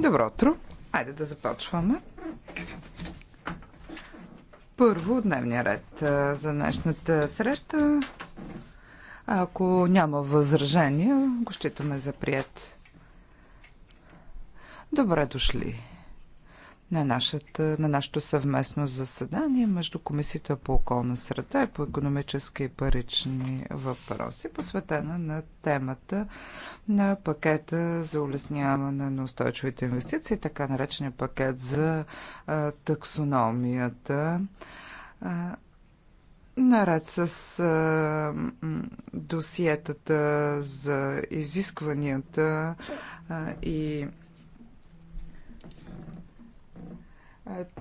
Добро утро. Айде да започваме. Първо дневния ред за днешната среща. Ако няма възражения, го считаме за прият. Добре дошли на, нашата, на нашето съвместно заседание между Комисията по околна среда и по економически и парични въпроси, посветена на темата на пакета за улесняване на устойчивите инвестиции, така наречения пакет за а, таксономията. А, Наред с а, досиетата за изискванията а, и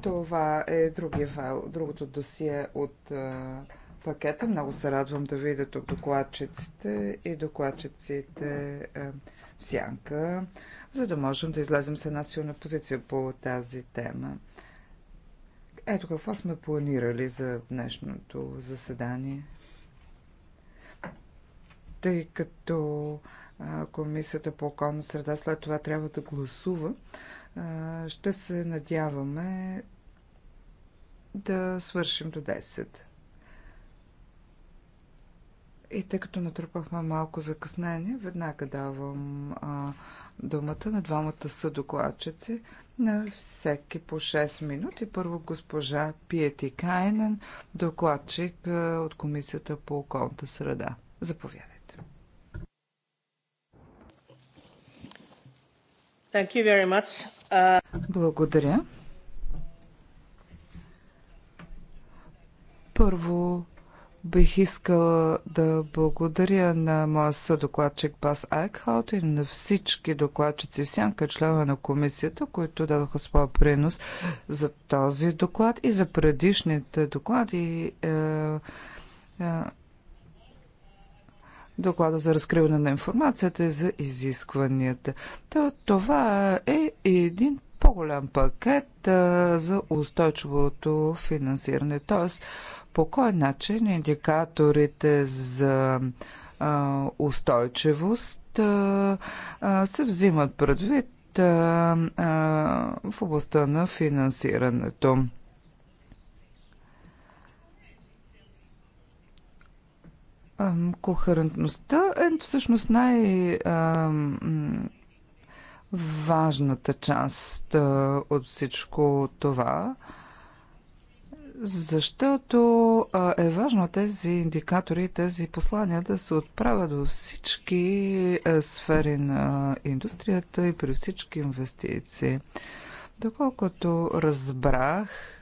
Това е другия файл, другото досие от пакета. Много се радвам да видя тук докладчиците и докладчиците в сянка, за да можем да излезем с една силна позиция по тази тема. Ето какво сме планирали за днешното заседание. Тъй като Комисията по околна среда след това трябва да гласува, ще се надяваме да свършим до 10. И тъй като натрупахме малко закъснение, веднага давам а, думата на двамата съдокладчици на всеки по 6 минути. Първо госпожа Пиети Кайнен, докладчик от Комисията по околната среда. Заповядайте. Thank you very much. Благодаря. Първо бих искала да благодаря на моя съдокладчик Пас Айкхаут и на всички докладчици, всяка члена на комисията, които дадоха своя принос за този доклад и за предишните доклади. Е, е, доклада за разкриване на информацията и за изискванията. То, това е един по-голям пакет а, за устойчивото финансиране. Т.е. по кой начин индикаторите за а, устойчивост а, а, се взимат предвид а, а, в областта на финансирането. Кохерентността е всъщност най- важната част от всичко това, защото е важно тези индикатори, тези послания да се отправят до всички сфери на индустрията и при всички инвестиции. Доколкото разбрах,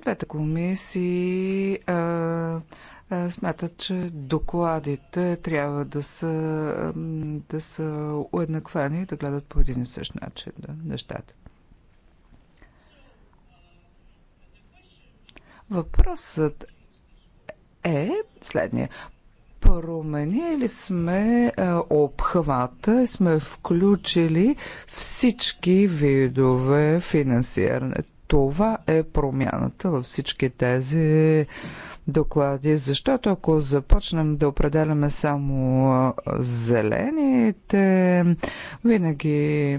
двете комисии а, а, смятат, че докладите трябва да са, да са уеднаквани и да гледат по един и същ начин да, нещата. Въпросът е следния. Променили сме обхвата, сме включили всички видове финансиране. Това е промяната във всички тези доклади, защото ако започнем да определяме само зелените, винаги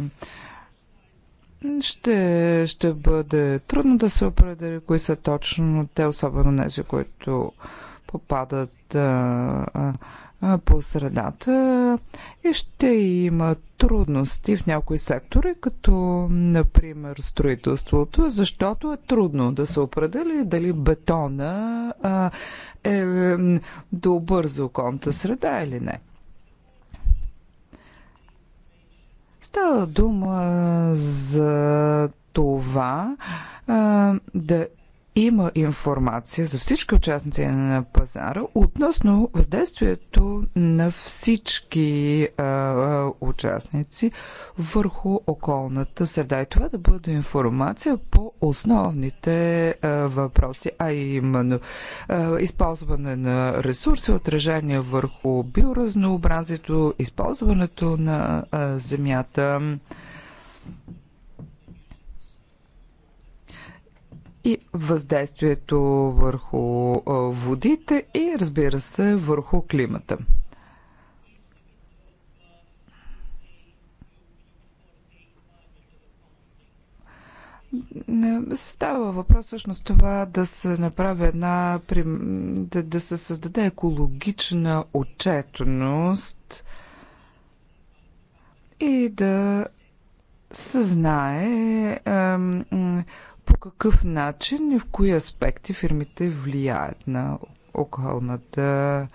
ще, ще бъде трудно да се определи кои са точно те, особено тези, които попадат а, а, по средата и ще има трудности в някои сектори, като например строителството, защото е трудно да се определи дали бетона е добър за околната среда или не. Става дума за това а, да има информация за всички участници на пазара относно въздействието на всички а, участници върху околната среда. И това да бъде информация по основните а, въпроси, а именно а, използване на ресурси, отражение върху биоразнообразието, използването на а, земята. и въздействието върху водите и разбира се върху климата. Не става въпрос всъщност това да се направи една, да, да се създаде екологична отчетност и да се знае по какъв начин и в кои аспекти фирмите влияят на околната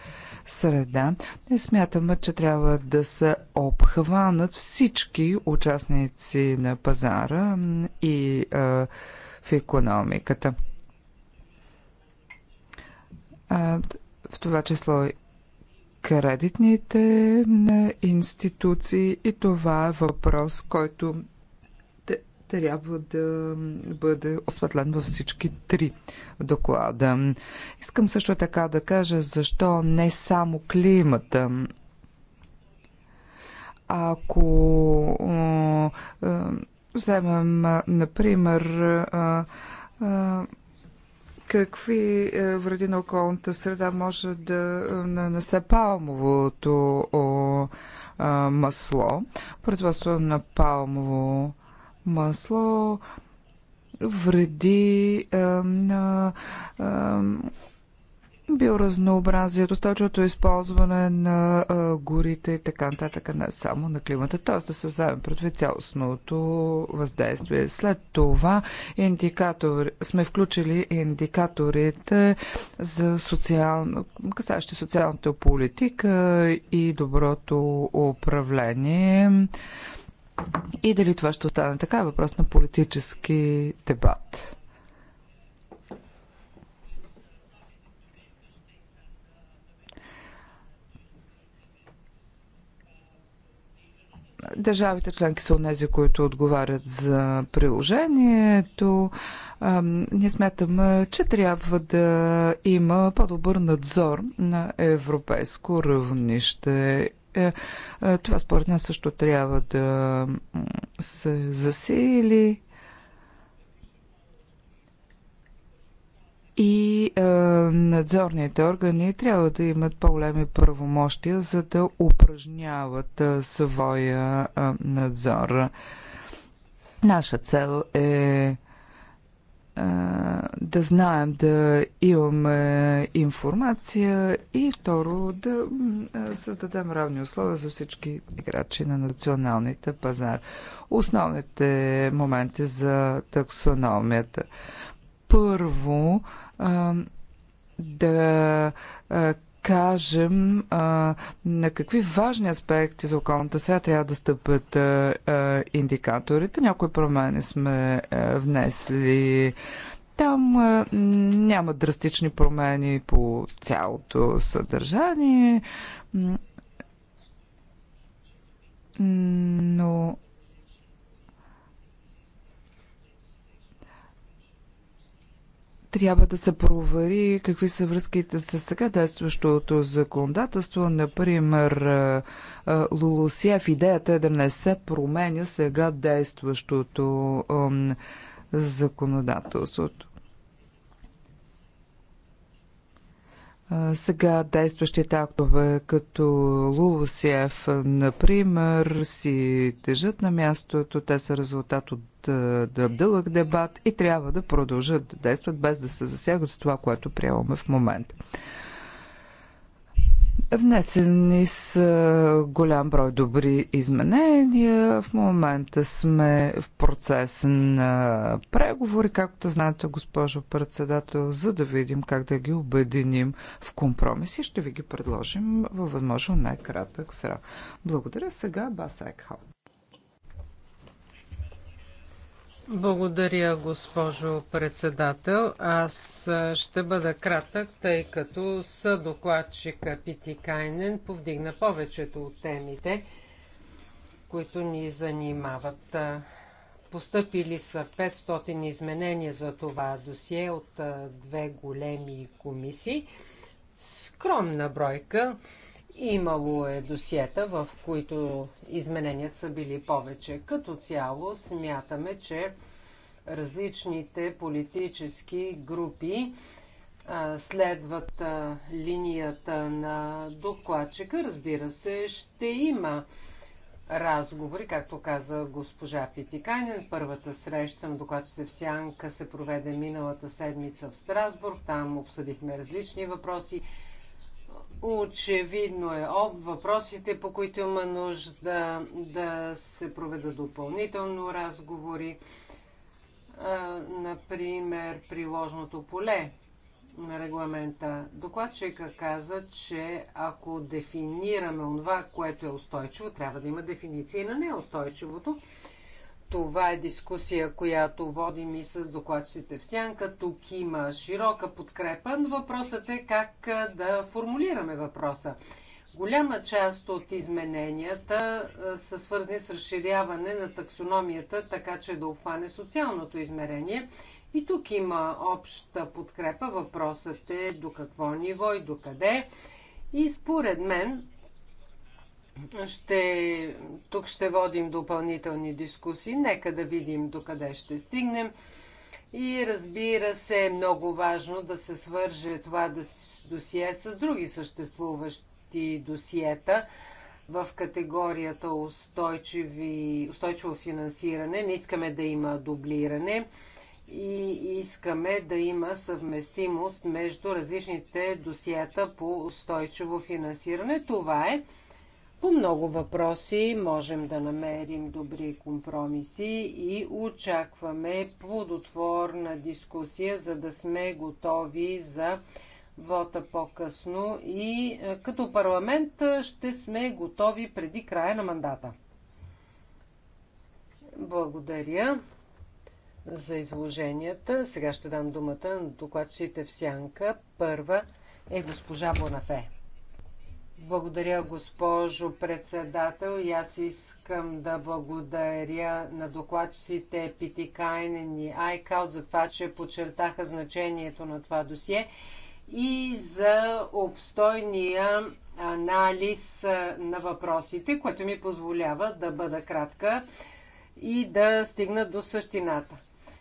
среда. не смятаме, че трябва да се обхванат всички участници на пазара и а, в економиката. А, в това число кредитните институции и това е въпрос, който трябва да бъде осветлен във всички три доклада. Искам също така да кажа защо не само климата. Ако вземем, например, какви вреди на околната среда може да нанесе палмовото масло, производство на палмово масло вреди а, на а, биоразнообразието, стойчивото използване на а, е, горите и така нататък, не само на климата. Т.е. да се вземе предвид цялостното въздействие. След това индикатори, сме включили индикаторите за социално, касащи социалната политика и доброто управление. А, и дали това ще остане така е въпрос на политически дебат. Държавите членки са онези, които отговарят за приложението. Ние смятаме, че трябва да има по-добър надзор на европейско равнище е, е, това според нас също трябва да се засили. И е, надзорните органи трябва да имат по-големи правомощия, за да упражняват е, своя е, надзор. Наша цел е да знаем, да имаме информация и второ да създадем равни условия за всички играчи на националните пазар. Основните моменти за таксономията. Първо, да кажем а, на какви важни аспекти за околната сега трябва да стъпат а, а, индикаторите. Някои промени сме а, внесли. Там а, няма драстични промени по цялото съдържание, но трябва да се провери какви са връзките с сега действащото законодателство. Например, Лулусев идеята е да не се променя сега действащото законодателството. сега действащите актове като Лулусиев, например, си тежат на мястото. Те са резултат от дълъг дебат и трябва да продължат да действат без да се засягат с това, което приемаме в момента. Внесени с голям брой добри изменения. В момента сме в процес на преговори, както знаете, госпожо председател, за да видим как да ги обединим в компромиси. Ще ви ги предложим във възможно най-кратък срок. Благодаря сега, Бас Екхаут. Благодаря, госпожо председател. Аз ще бъда кратък, тъй като съдокладчика Пити Кайнен повдигна повечето от темите, които ни занимават. Постъпили са 500 изменения за това досие от две големи комисии. Скромна бройка. Имало е досиета, в които измененията са били повече. Като цяло смятаме, че различните политически групи а, следват а, линията на докладчика. Разбира се, ще има разговори, както каза госпожа Питикайнен. Първата среща на докладчица в Сянка се проведе миналата седмица в Страсбург. Там обсъдихме различни въпроси. Очевидно е об въпросите, по които има нужда да се проведат допълнително разговори, а, например, приложното поле на регламента. Докладчика каза, че ако дефинираме това, което е устойчиво, трябва да има дефиниция и на неустойчивото. Това е дискусия, която водим и с докладчите в сянка. Тук има широка подкрепа, но въпросът е как да формулираме въпроса. Голяма част от измененията са свързани с разширяване на таксономията, така че да обхване социалното измерение. И тук има обща подкрепа. Въпросът е до какво ниво и до къде. И според мен ще, тук ще водим допълнителни дискусии. Нека да видим докъде ще стигнем. И разбира се, е много важно да се свърже това досие с други съществуващи досиета в категорията устойчиви, устойчиво финансиране. Не искаме да има дублиране и искаме да има съвместимост между различните досиета по устойчиво финансиране. Това е. По много въпроси можем да намерим добри компромиси и очакваме плодотворна дискусия, за да сме готови за вота по-късно и е, като парламент е, ще сме готови преди края на мандата. Благодаря за изложенията. Сега ще дам думата на докладчите в сянка. Първа е госпожа Бонафе. Благодаря, госпожо председател. И аз искам да благодаря на докладчиците Питикайнен и Айкал за това, че подчертаха значението на това досие и за обстойния анализ на въпросите, което ми позволява да бъда кратка и да стигна до същината.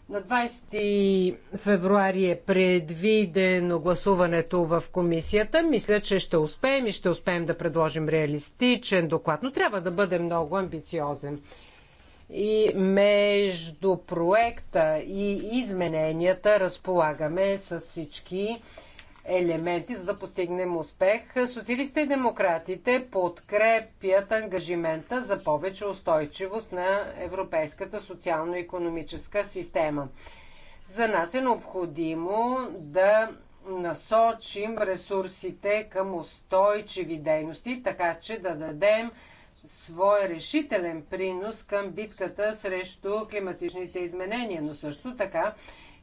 На 20 февруари е предвидено гласуването в комисията. Мисля, че ще успеем и ще успеем да предложим реалистичен доклад, но трябва да бъде много амбициозен. И между проекта и измененията разполагаме с всички елементи, за да постигнем успех. Социалистите и демократите подкрепят ангажимента за повече устойчивост на европейската социално-економическа система. За нас е необходимо да насочим ресурсите към устойчиви дейности, така че да дадем своя решителен принос към битката срещу климатичните изменения, но също така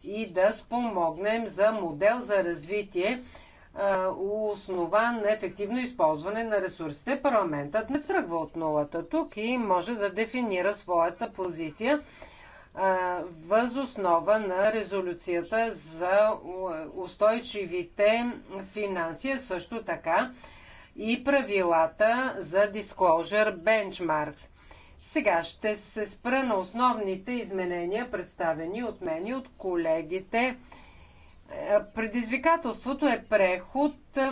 и да спомогнем за модел за развитие, основан на ефективно използване на ресурсите. Парламентът не тръгва от нулата тук и може да дефинира своята позиция възоснова на резолюцията за устойчивите финанси, също така и правилата за Disclosure Benchmarks. Сега ще се спра на основните изменения, представени от мен и от колегите. Е, предизвикателството е преход, е,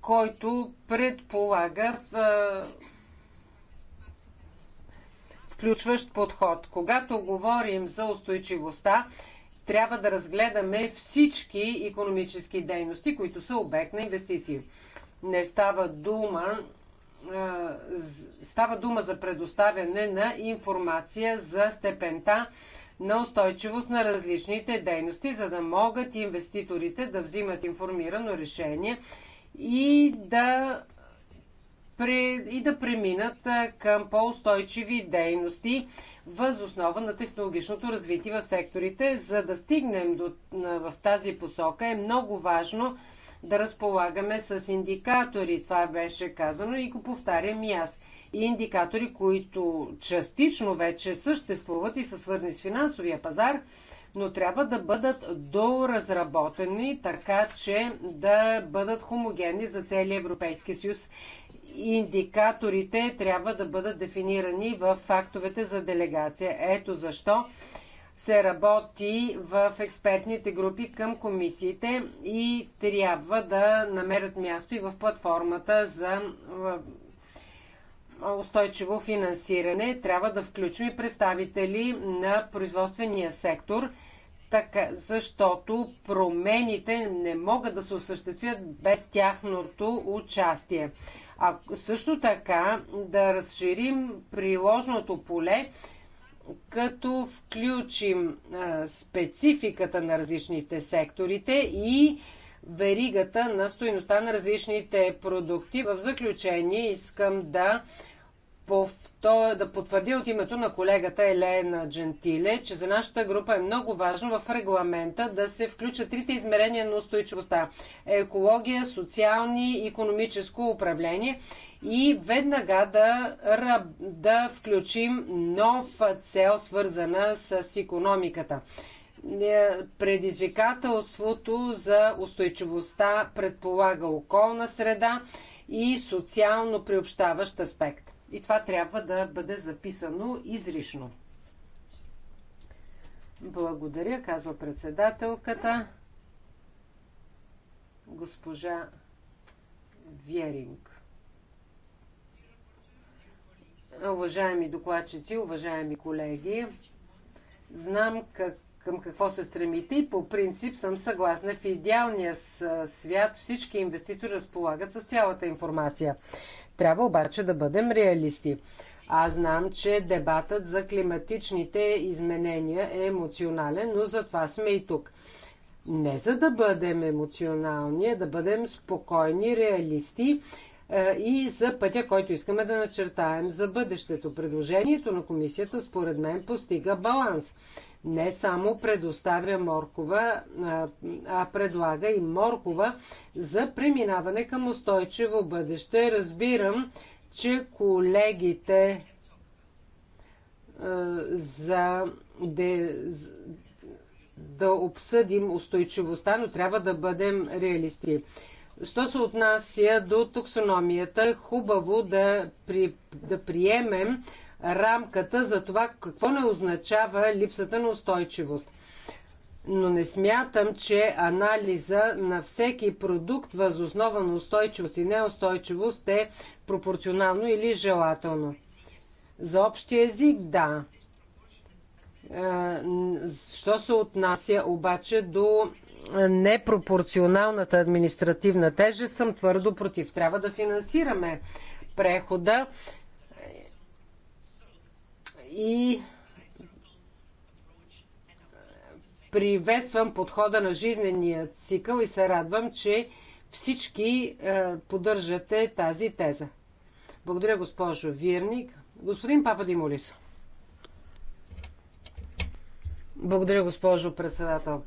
който предполага е, включващ подход. Когато говорим за устойчивостта, трябва да разгледаме всички економически дейности, които са обект на инвестиции. Не става дума става дума за предоставяне на информация за степента на устойчивост на различните дейности, за да могат инвеститорите да взимат информирано решение и да, и да преминат към по-устойчиви дейности въз основа на технологичното развитие в секторите. За да стигнем до, в тази посока е много важно да разполагаме с индикатори. Това беше казано и го повтарям и аз. И индикатори, които частично вече съществуват и са свързани с финансовия пазар, но трябва да бъдат доразработени, така че да бъдат хомогенни за целия Европейски съюз. Индикаторите трябва да бъдат дефинирани в фактовете за делегация. Ето защо се работи в експертните групи към комисиите и трябва да намерят място и в платформата за устойчиво финансиране. Трябва да включим и представители на производствения сектор, така, защото промените не могат да се осъществят без тяхното участие. А също така да разширим приложното поле като включим спецификата на различните секторите и веригата на стоеността на различните продукти. В заключение искам да повтор... да потвърдя от името на колегата Елена Джентиле, че за нашата група е много важно в регламента да се включат трите измерения на устойчивостта – екология, социални и економическо управление и веднага да, да включим нов цел, свързана с економиката. Е, предизвикателството за устойчивостта предполага околна среда и социално приобщаващ аспект. И това трябва да бъде записано изрично. Благодаря, казва председателката. Госпожа Веринг. Уважаеми докладчици, уважаеми колеги, знам как, към какво се стремите и по принцип съм съгласна. В идеалния свят всички инвеститори разполагат с цялата информация. Трябва обаче да бъдем реалисти. Аз знам, че дебатът за климатичните изменения е емоционален, но затова сме и тук. Не за да бъдем емоционални, а да бъдем спокойни, реалисти е, и за пътя, който искаме да начертаем за бъдещето. Предложението на комисията, според мен, постига баланс не само предоставя моркова, а предлага и моркова за преминаване към устойчиво бъдеще. Разбирам, че колегите за де, да обсъдим устойчивостта, но трябва да бъдем реалисти. Що се отнася до таксономията, хубаво да, при, да приемем рамката за това какво не означава липсата на устойчивост. Но не смятам, че анализа на всеки продукт възоснова на устойчивост и неустойчивост е пропорционално или желателно. За общия език, да. Е, що се отнася обаче до непропорционалната административна тежест, съм твърдо против. Трябва да финансираме прехода и е, приветствам подхода на жизнения цикъл и се радвам, че всички е, поддържате тази теза. Благодаря, госпожо Вирник. Господин Папа Димолис. Благодаря, госпожо председател.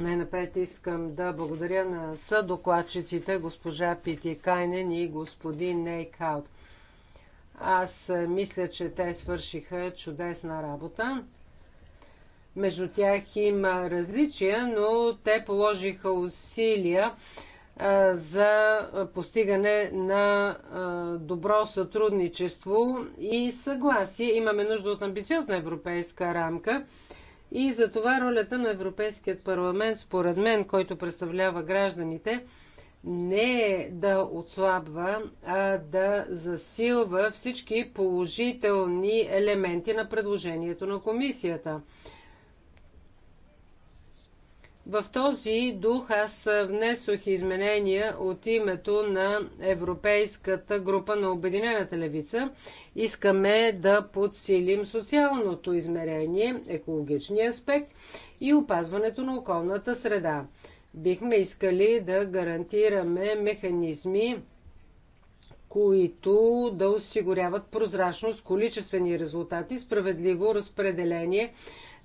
Най-напред искам да благодаря на съдокладчиците госпожа Пити Кайнен и господин Нейкаут. Аз е, мисля, че те свършиха чудесна работа. Между тях има различия, но те положиха усилия е, за постигане на е, добро сътрудничество и съгласие. Имаме нужда от амбициозна европейска рамка и за това ролята на Европейският парламент, според мен, който представлява гражданите, не е да отслабва, а да засилва всички положителни елементи на предложението на комисията. В този дух аз внесох изменения от името на Европейската група на Обединената левица. Искаме да подсилим социалното измерение, екологичния аспект и опазването на околната среда. Бихме искали да гарантираме механизми, които да осигуряват прозрачност, количествени резултати, справедливо разпределение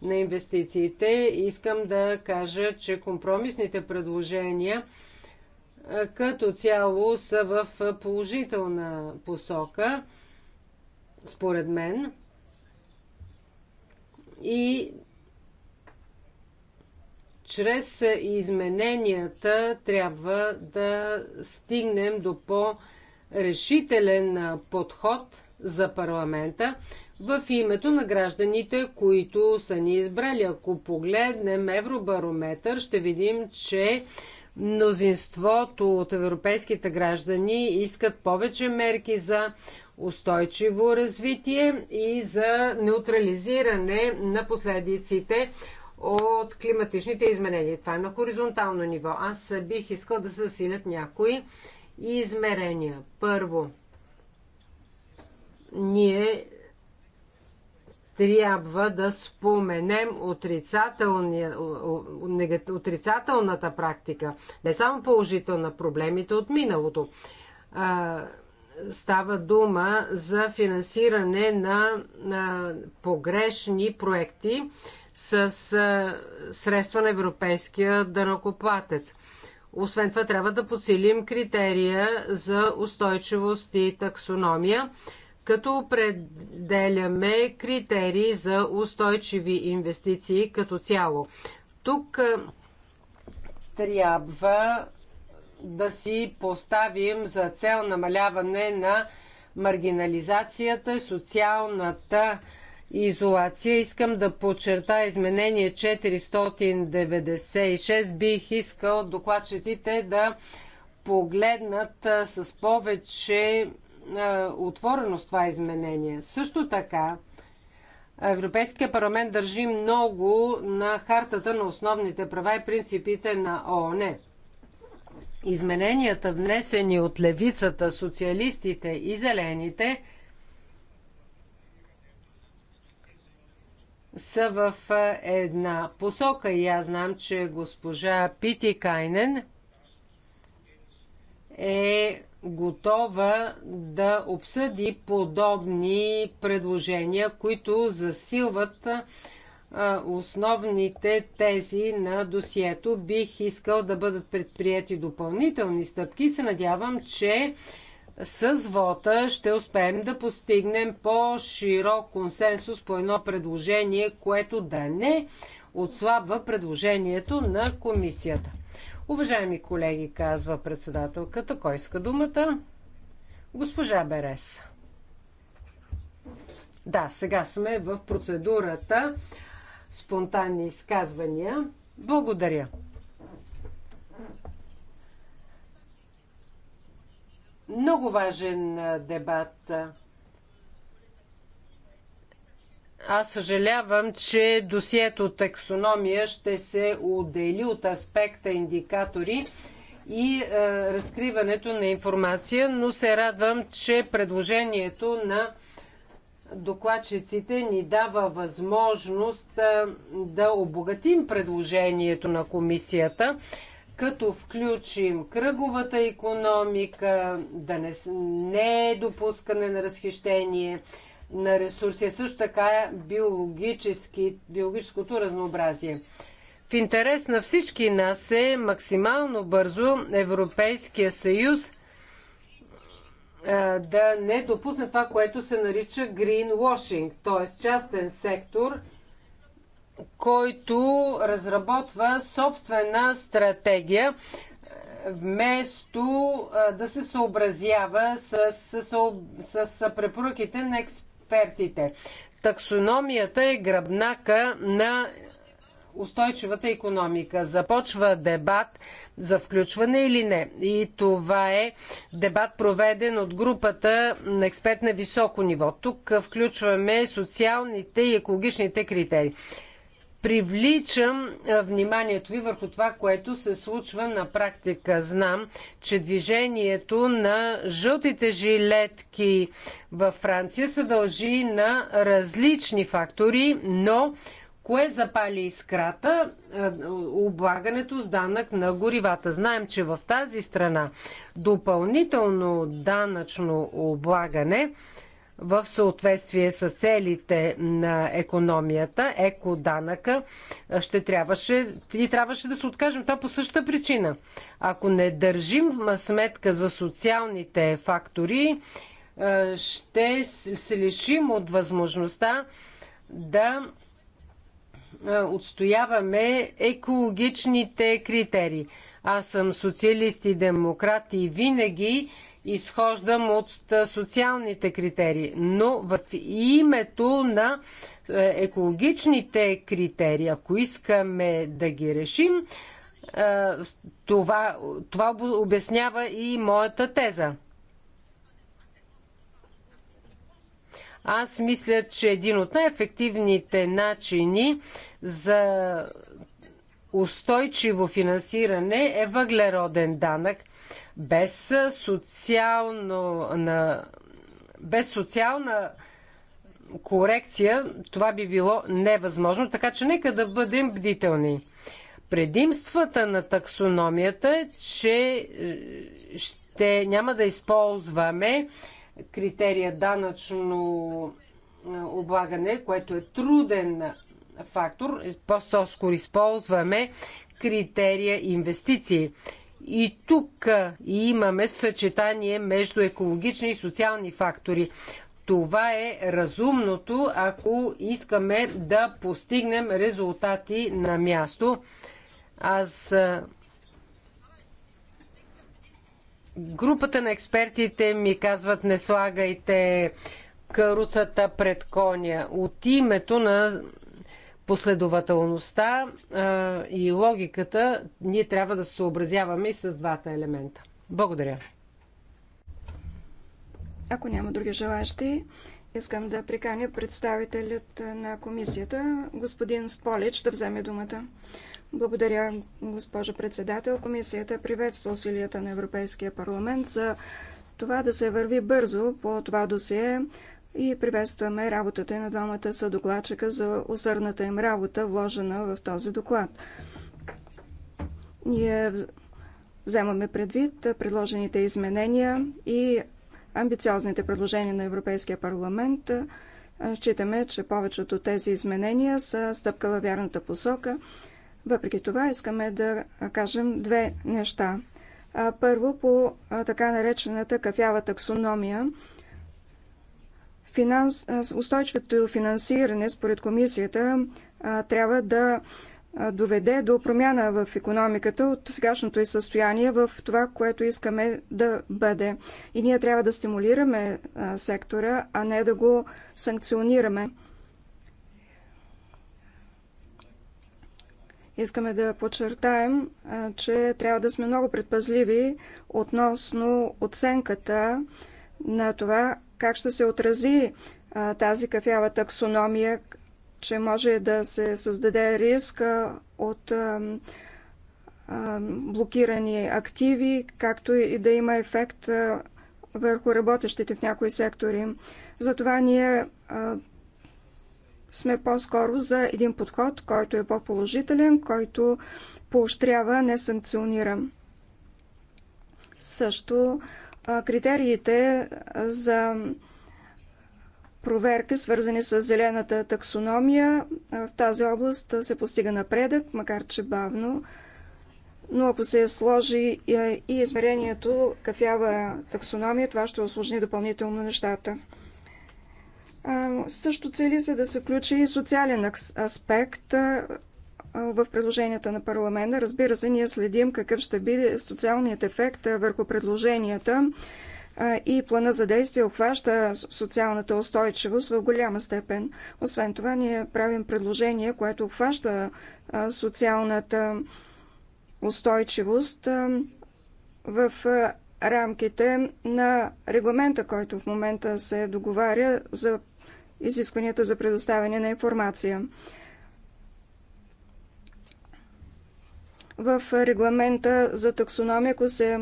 на инвестициите. Искам да кажа, че компромисните предложения като цяло са в положителна посока, според мен. И чрез измененията трябва да стигнем до по-решителен подход за парламента в името на гражданите, които са ни избрали. Ако погледнем Евробарометър, ще видим, че мнозинството от европейските граждани искат повече мерки за устойчиво развитие и за неутрализиране на последиците от климатичните изменения. Това е на хоризонтално ниво. Аз бих искал да се засилят някои измерения. Първо, ние трябва да споменем отрицателната практика, не само положителна, проблемите от миналото. става дума за финансиране на, на погрешни проекти, с средства на европейския дънокоплатец. Освен това, трябва да подсилим критерия за устойчивост и таксономия, като определяме критерии за устойчиви инвестиции като цяло. Тук трябва да си поставим за цел намаляване на маргинализацията, социалната изолация. Искам да подчерта изменение 496. Бих искал докладчиците да погледнат с повече отвореност това изменение. Също така, Европейския парламент държи много на хартата на основните права и принципите на ООН. Измененията, внесени от левицата, социалистите и зелените, са в една посока и аз знам, че госпожа Пити Кайнен е готова да обсъди подобни предложения, които засилват основните тези на досието. Бих искал да бъдат предприяти допълнителни стъпки. Се надявам, че с вота ще успеем да постигнем по-широк консенсус по едно предложение, което да не отслабва предложението на комисията. Уважаеми колеги, казва председателката, кой иска думата? Госпожа Берес. Да, сега сме в процедурата спонтанни изказвания. Благодаря. Много важен дебат. Аз съжалявам, че досието таксономия ще се отдели от аспекта индикатори и е, разкриването на информация, но се радвам, че предложението на докладчиците ни дава възможност да обогатим предложението на комисията като включим кръговата економика, да не, не е допускане на разхищение на ресурси, също така е биологически, биологическото разнообразие. В интерес на всички нас е максимално бързо Европейския съюз а, да не допусне това, което се нарича greenwashing, т.е. частен сектор – който разработва собствена стратегия, вместо да се съобразява с, с, с, с препоръките на експертите. Таксономията е гръбнака на устойчивата економика. Започва дебат за включване или не. И това е дебат проведен от групата на експерт на високо ниво. Тук включваме социалните и екологичните критерии привличам вниманието ви върху това, което се случва на практика. Знам, че движението на жълтите жилетки във Франция се дължи на различни фактори, но кое запали искрата? Облагането с данък на горивата. Знаем, че в тази страна допълнително данъчно облагане – в съответствие с целите на економията, екоданъка, ще трябваше и трябваше да се откажем. Това по същата причина. Ако не държим сметка за социалните фактори, е, ще се лишим от възможността да е, отстояваме екологичните критерии. Аз съм социалист и демократ и винаги изхождам от социалните критерии, но в името на е, екологичните критерии, ако искаме да ги решим, е, това, това обяснява и моята теза. Аз мисля, че един от най-ефективните начини за устойчиво финансиране е въглероден данък. Без, социално, на, без социална корекция това би било невъзможно, така че нека да бъдем бдителни. Предимствата на таксономията е, че е, ще няма да използваме критерия данъчно е, облагане, което е труден фактор. По-скоро използваме критерия инвестиции. И тук имаме съчетание между екологични и социални фактори. Това е разумното, ако искаме да постигнем резултати на място. Аз групата на експертите ми казват не слагайте каруцата пред коня. От името на последователността а, и логиката, ние трябва да се съобразяваме и с двата елемента. Благодаря. Ако няма други желащи, искам да приканя представителят на комисията, господин Сполич, да вземе думата. Благодаря, госпожо председател. Комисията приветства усилията на Европейския парламент за това да се върви бързо по това досие, и приветстваме работата и на двамата съдокладчика за усърдната им работа, вложена в този доклад. Ние вземаме предвид предложените изменения и амбициозните предложения на Европейския парламент. Считаме, че повечето от тези изменения са стъпка във вярната посока. Въпреки това искаме да кажем две неща. Първо по така наречената кафява таксономия – Финанс... Устойчивото финансиране, според комисията, трябва да доведе до промяна в економиката от сегашното и състояние в това, което искаме да бъде. И ние трябва да стимулираме сектора, а не да го санкционираме. Искаме да подчертаем, че трябва да сме много предпазливи относно оценката на това как ще се отрази а, тази кафява таксономия, че може да се създаде риск а, от а, а, блокирани активи, както и да има ефект а, върху работещите в някои сектори. Затова ние а, сме по-скоро за един подход, който е по-положителен, който поощрява, не санкционира. Също критериите за проверка, свързани с зелената таксономия. В тази област се постига напредък, макар че бавно. Но ако се сложи и измерението кафява таксономия, това ще осложни допълнително нещата. Също цели се да се включи и социален аспект в предложенията на парламента. Разбира се, ние следим какъв ще биде социалният ефект върху предложенията и плана за действие обхваща социалната устойчивост в голяма степен. Освен това, ние правим предложение, което обхваща социалната устойчивост в рамките на регламента, който в момента се договаря за изискванията за предоставяне на информация. в регламента за таксономия, ако се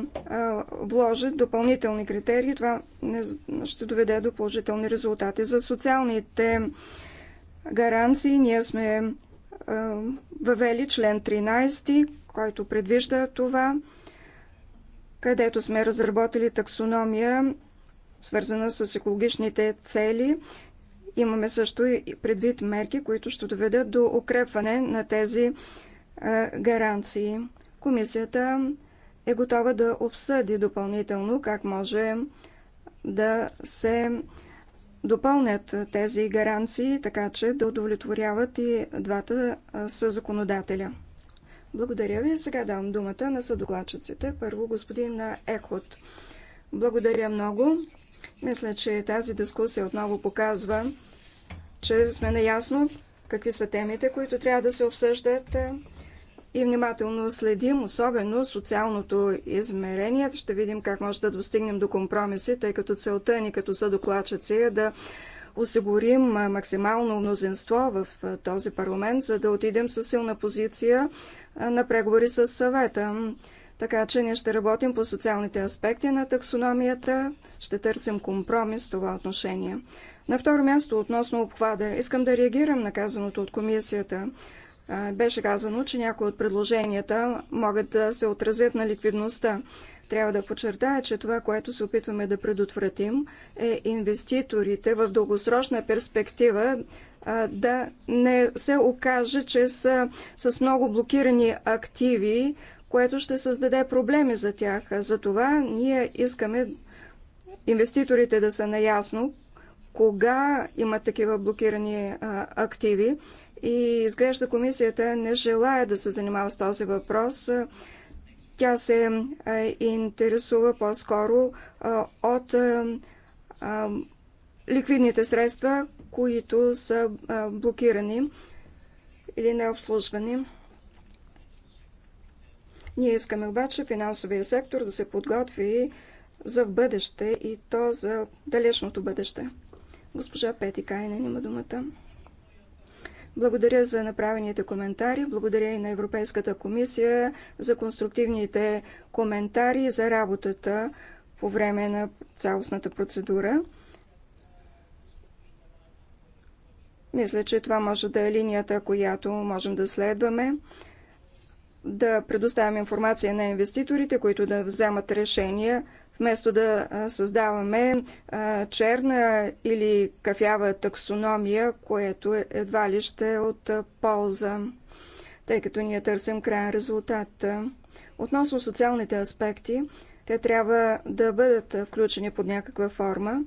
вложат допълнителни критерии, това не, ще доведе до положителни резултати. За социалните гаранции ние сме въвели член 13, който предвижда това, където сме разработили таксономия, свързана с екологичните цели. Имаме също и предвид мерки, които ще доведат до укрепване на тези гаранции. Комисията е готова да обсъди допълнително как може да се допълнят тези гаранции, така че да удовлетворяват и двата съзаконодателя. Благодаря ви. Сега давам думата на съдокладчиците. Първо господин Екот. Благодаря много. Мисля, че тази дискусия отново показва, че сме наясно какви са темите, които трябва да се обсъждат и внимателно следим, особено социалното измерение. Ще видим как може да достигнем до компромиси, тъй като целта ни като съдокладчици е да осигурим максимално мнозинство в този парламент, за да отидем със силна позиция на преговори с съвета. Така че ние ще работим по социалните аспекти на таксономията, ще търсим компромис в това отношение. На второ място, относно обхвата, искам да реагирам на казаното от комисията. Беше казано, че някои от предложенията могат да се отразят на ликвидността. Трябва да подчертая, че това, което се опитваме да предотвратим, е инвеститорите в дългосрочна перспектива да не се окаже, че са с много блокирани активи, което ще създаде проблеми за тях. Затова ние искаме инвеститорите да са наясно кога имат такива блокирани активи и изглежда комисията не желая да се занимава с този въпрос. Тя се е, интересува по-скоро е, от е, ликвидните средства, които са блокирани или необслужвани. Ние искаме обаче финансовия сектор да се подготви за в бъдеще и то за далечното бъдеще. Госпожа Пети Кайнен има думата. Благодаря за направените коментари. Благодаря и на Европейската комисия за конструктивните коментари за работата по време на цялостната процедура. Мисля, че това може да е линията, която можем да следваме да предоставяме информация на инвеститорите, които да вземат решения, вместо да създаваме черна или кафява таксономия, което едва ли ще е от полза, тъй като ние търсим крайен резултат. Относно социалните аспекти, те трябва да бъдат включени под някаква форма.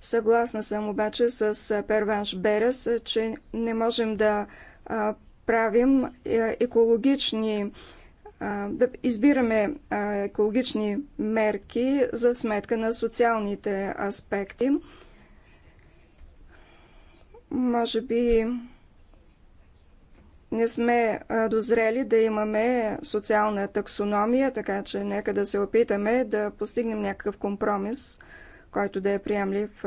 Съгласна съм обаче с Перванш Берес, че не можем да правим е, екологични, е, да избираме е, екологични мерки за сметка на социалните аспекти. Може би не сме дозрели да имаме социална таксономия, така че нека да се опитаме да постигнем някакъв компромис, който да е приемлив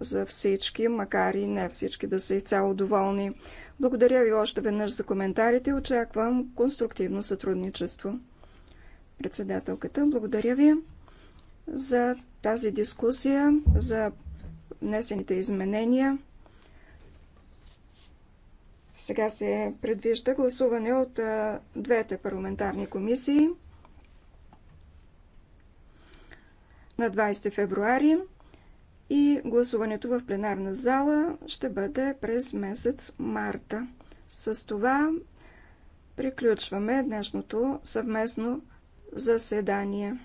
за всички, макар и не всички да са изцяло доволни. Благодаря ви още веднъж за коментарите. Очаквам конструктивно сътрудничество. Председателката, благодаря ви за тази дискусия, за внесените изменения. Сега се предвижда гласуване от двете парламентарни комисии на 20 февруари и гласуването в пленарна зала ще бъде през месец марта. С това приключваме днешното съвместно заседание.